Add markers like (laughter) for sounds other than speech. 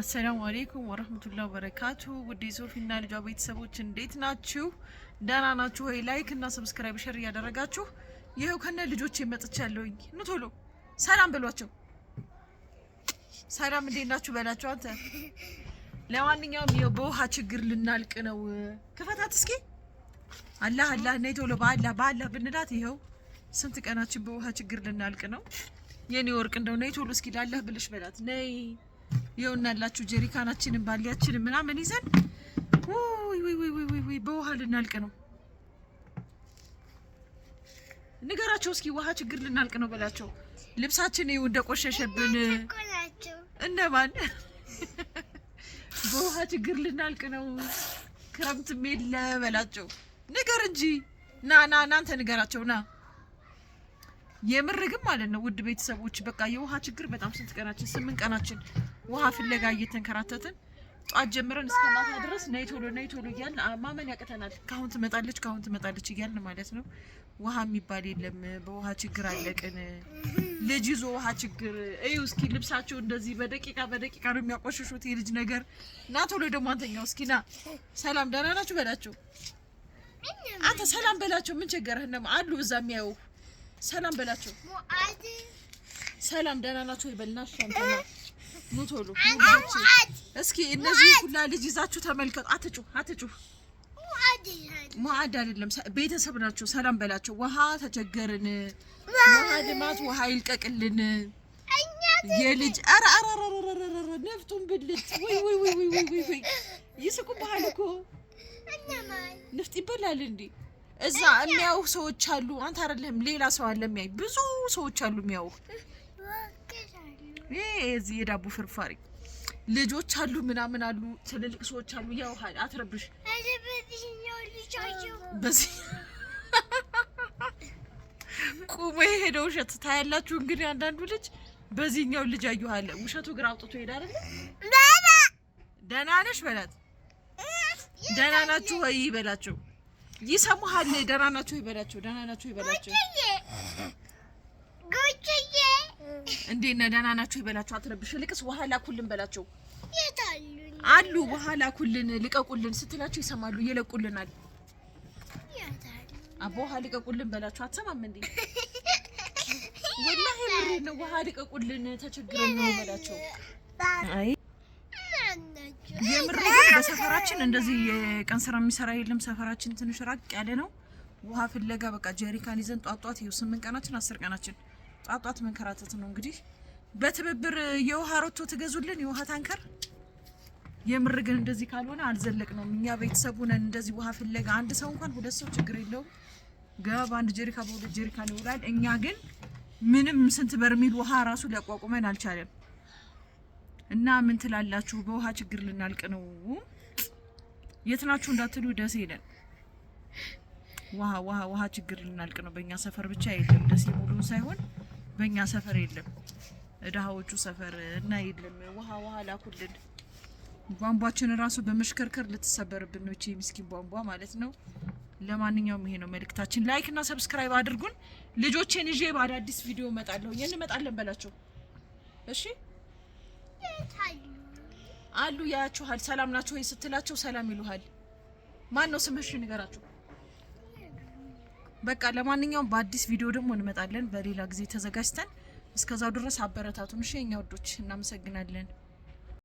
አሰላሙ አሌይኩም ወረህመቱላህ በረካቱ ውዴ ሶፊና ልጇ ቤተሰቦች እንዴት ናችሁ? ደህና ናችሁ ወይ? ላይክ እና ሰብስክራይብ ሸር እያደረጋችሁ ይኸው ከነ ልጆች መጥቻ ያለውኝ ኑ ቶሎ ሰላም ብሏቸው? ሰላም እንዴት ናችሁ በላቸው። አንተ ለማንኛውም ይኸው በውሃ ችግር ልናልቅ ነው። ክፈታት እስኪ አላህ አላህ ነይ ቶሎ በአላህ በአላህ ብንላት ይኸው ስንት ቀናችን በውሃ ችግር ልናልቅ ነው። የኔ ወርቅ እንደው ነይ ቶሎ እስኪ ላላህ ብልሽ በላት ነይ የውናላችሁ ጀሪካናችንን ባሊያችንን ምናምን ይዘን በውሃ ልናልቅ ነው። ንገራቸው እስኪ ውሃ ችግር ልናልቅ ነው በላቸው። ልብሳችን ይኸው እንደቆሸሸብን እነማን በውሃ ችግር ልናልቅ ነው፣ ክረምትም የለ በላቸው። ንገር እንጂ ና ና እናንተ ንገራቸው ና የምር ግን ማለት ነው ውድ ቤተሰቦች በቃ የውሃ ችግር በጣም ስንት ቀናችን ስምንት ቀናችን ውሃ ፍለጋ እየተንከራተትን ጧት ጀምረን እስከ ማታ ድረስ ነይ ቶሎ ነይ ቶሎ እያልን ማመን ያቅተናል። ካሁን ትመጣለች ካሁን ትመጣለች እያልን ማለት ነው። ውሃ የሚባል የለም። በውሃ ችግር አለቅን። ልጅ ይዞ ውሃ ችግር እዩ። እስኪ ልብሳቸው እንደዚህ በደቂቃ በደቂቃ ነው የሚያቆሽሹት። የልጅ ነገር ና ቶሎ ደግሞ አንተኛው እስኪ ና። ሰላም ደህና ናችሁ በላቸው። አንተ ሰላም በላቸው። ምን ቸገረህ? አሉ እዛ የሚያየው ሰላም በላቸው። ሰላም ደህና ናቸው ይበልናሽ። አንተና ኑ ቶሎ እስኪ እነዚህ ሁላ ልጅ ይዛችሁ ተመልከቱ። አትጩ አትጩ። ማዕድ አይደለም ቤተሰብ ናቸው። ሰላም በላቸው። ውሃ ተቸገርን፣ ውሃ ልማት ውሃ ይልቀቅልን። የልጅ ኧረ ኧረ ኧረ ነፍጡን ብልት ወይ ወይ ወይ ወይ ወይ ይስቁብሃል እኮ ንፍጥ ይበላል እንዴ? እዛ የሚያው ሰዎች አሉ። አንተ አይደለህም፣ ሌላ ሰው አለ የሚያይ። ብዙ ሰዎች አሉ የሚያው። ይሄ እዚህ የዳቦ ፍርፋሪ ልጆች አሉ፣ ምናምን አሉ፣ ትልልቅ ሰዎች አሉ። ያው አትረብሽ። በዚህ (laughs) ቁሞ የሄደው ውሸት ታያላችሁ እንግዲህ። አንዳንዱ ልጅ በዚህኛው ልጅ አየኋለ። ውሸቱ ግራ አውጥቶ ይሄዳል። ደህና ነሽ በላት፣ ደህና ናችሁ ወይ በላቸው ይሰሙሃል። ደህና ናቸው ይበላቸው፣ ደህና ናቸው ይበላቸው። እንዴት ነህ? ደህና ናቸው ይበላቸው። አትረብሽ። ልቅስ ውሃ ላኩልን በላቸው። አሉ ውሃ ላኩልን፣ ልቀቁልን ስትላቸው ይሰማሉ፣ ይለቁልናል። አቦ ውሃ ልቀቁልን በላቸው። አትሰማም እንዴ? ወላሂ ምሬ ነው። ውሃ ልቀቁልን፣ ተቸግረን ነው በላቸው። አይ በሰፈራችን እንደዚህ የቀን ስራ የሚሰራ የለም። ሰፈራችን ትንሽ ራቅ ያለ ነው። ውሃ ፍለጋ በቃ ጀሪካን ይዘን ጧጧት ይኸው ስምንት ቀናችን አስር ቀናችን ጧጧት መንከራተት ነው እንግዲህ። በትብብር የውሃ ሮቶ ትገዙልን የውሃ ታንከር። የምር ግን እንደዚህ ካልሆነ አልዘለቅ ነው። እኛ ቤተሰብ ነን። እንደዚህ ውሃ ፍለጋ አንድ ሰው እንኳን ሁለት ሰው ችግር የለውም ገባ በአንድ ጀሪካ በሁለት ጀሪካን ይውላል። እኛ ግን ምንም ስንት በርሚል ውሃ ራሱ ሊያቋቁመን አልቻለም። እና ምን ትላላችሁ? በውሃ ችግር ልናልቅ ነው። የት ናችሁ እንዳትሉ ደሴ ነን። ውሃ ውሃ ውሃ ችግር ልናልቅ ነው። በእኛ ሰፈር ብቻ የለም። ደሴ ሙሉ ሳይሆን በእኛ ሰፈር የለም፣ ድሃዎቹ ሰፈር እና የለም። ውሃ ውሃ ላኩልን። ቧንቧችን እራሱ በመሽከርከር ልትሰበርብን ነው፣ ምስኪን ቧንቧ ማለት ነው። ለማንኛውም ይሄ ነው መልእክታችን። ላይክ እና ሰብስክራይብ አድርጉን። ልጆቼን ይዤ በአዳዲስ ቪዲዮ እመጣለሁ። እንመጣለን በላቸው እሺ። አሉ ያያችኋል። ሰላም ናቸው ወይ ስትላቸው ሰላም ይሉሃል። ማን ነው ስምሽ ንገራችሁ። በቃ ለማንኛውም በአዲስ ቪዲዮ ደግሞ እንመጣለን በሌላ ጊዜ ተዘጋጅተን። እስከዛው ድረስ አበረታቱን። እሺ የኛ ወዶች እናመሰግናለን።